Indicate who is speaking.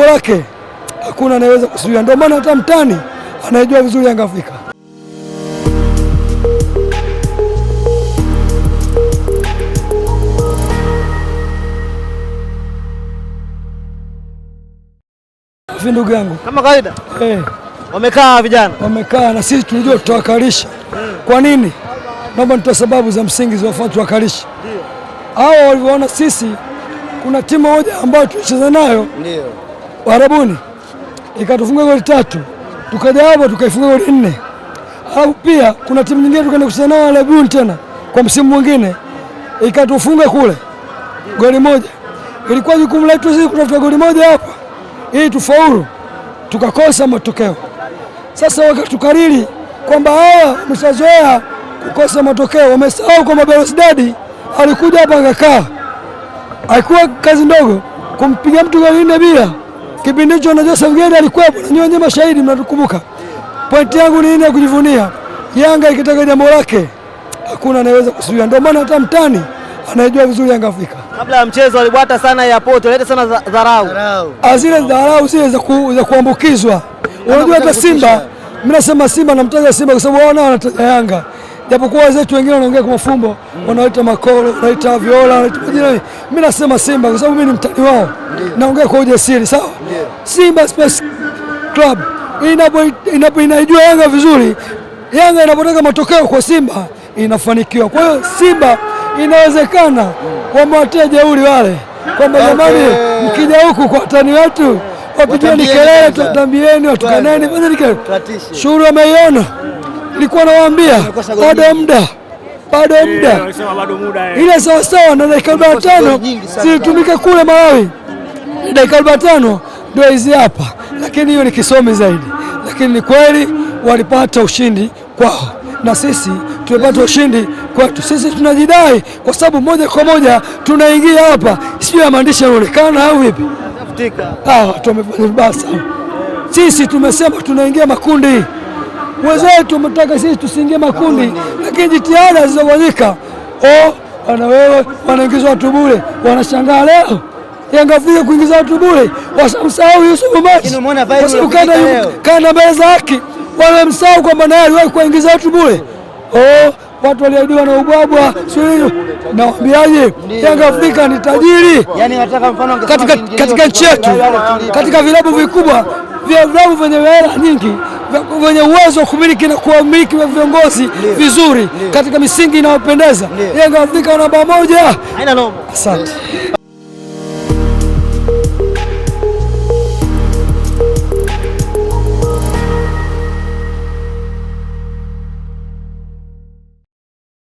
Speaker 1: lake hakuna anayeweza kusuia, ndio maana hata mtani anayejua vizuri Yanga Afrika. Ndugu yangu, kama kawaida hey, eh.
Speaker 2: wamekaa vijana
Speaker 1: wamekaa, na sisi tulijua tutawakalisha. Kwa nini? Naomba nitoa sababu za msingi ziwafanya tuwakalisha hao. Walivyoona sisi kuna timu moja ambayo tulicheza nayo Warabuni ikatufunga goli tatu, tukaja hapo tukaifunga goli nne. Alafu pia kuna timu nyingine tukaenda kucheza nao Warabuni tena kwa msimu mwingine ikatufunga kule goli moja. Ilikuwa jukumu letu sisi kutafuta goli moja hapa ili tufaulu, tukakosa matokeo. Sasa wakatukariri kwamba hawa wameshazoea kukosa matokeo, wamesahau kwamba Belouizdad alikuja hapa akakaa, haikuwa kazi ndogo kumpiga mtu goli nne bila Kipindi hicho na Joseph Gedi alikuwepo, na nyinyi mashahidi mnatukumbuka. Pointi yangu ni nini ya kujivunia? Yanga ikitaka jambo lake hakuna anayeweza kusuia, ndio maana hata mtani anajua vizuri Yanga Afrika.
Speaker 2: Kabla ya mchezo alibwata sana ya poto, aleta sana dharau.
Speaker 1: Ah, zile dharau zile za ku, kuambukizwa. Unajua hata Simba, mimi nasema Simba namtaja Simba kwa sababu wao nao wanataja Yanga. Japokuwa wenzetu wengine wanaongea kwa mafumbo, mm. wanaita makolo, wanaita viola, wanaita majina. Mimi nasema Simba kwa sababu mimi ni mtani wao. Naongea kwa ujasiri, sawa? Simba Sports Club inaijua Yanga vizuri. Yanga inapotaka matokeo kwa Simba inafanikiwa. Kwa hiyo Simba inawezekana wamewatia jeuri wale kwamba jamani, okay. Mkija huku kwa watani wetu wapigeni kelele, tutambieni, watukaneni, fanyeni kelele. Shughuli wameiona, ilikuwa nawaambia eh, bado muda bado eh. muda ile sawasawa na dakika arobaini na tano zilitumika kule Malawi, dakika arobaini na tano ndio hizi hapa, lakini hiyo ni kisomi zaidi. Lakini ni kweli walipata ushindi kwao na sisi tumepata ushindi kwetu. Sisi tunajidai kwa sababu moja kwa moja tunaingia hapa, sio ya maandishi yanaonekana au vipi? Tumefanya vibaya sana sisi, tumesema tunaingia makundi. Wenzetu wametaka sisi tusiingie makundi, lakini jitihada zilizofanyika, oh, wana wewe wanaingizwa watu bure, wanashangaa leo Yanga kuingiza watu bure, wasamsahau Yusuf Maji kwa sababu mbele za haki, wamemsahau kwamba naye aliwahi kuingiza watu bure. Oh, watu waliaidiwa na ubwabwa, sio nawambiaje? Yanga Afrika ni tajiri yani, mfano katika, katika nchi yetu, katika vilabu vikubwa vya vilabu vyenye hela nyingi wenye uwezo wa kumiliki na kuwamiliki wa viongozi vizuri katika misingi inayopendeza. Yanga Afrika namba moja. Asante.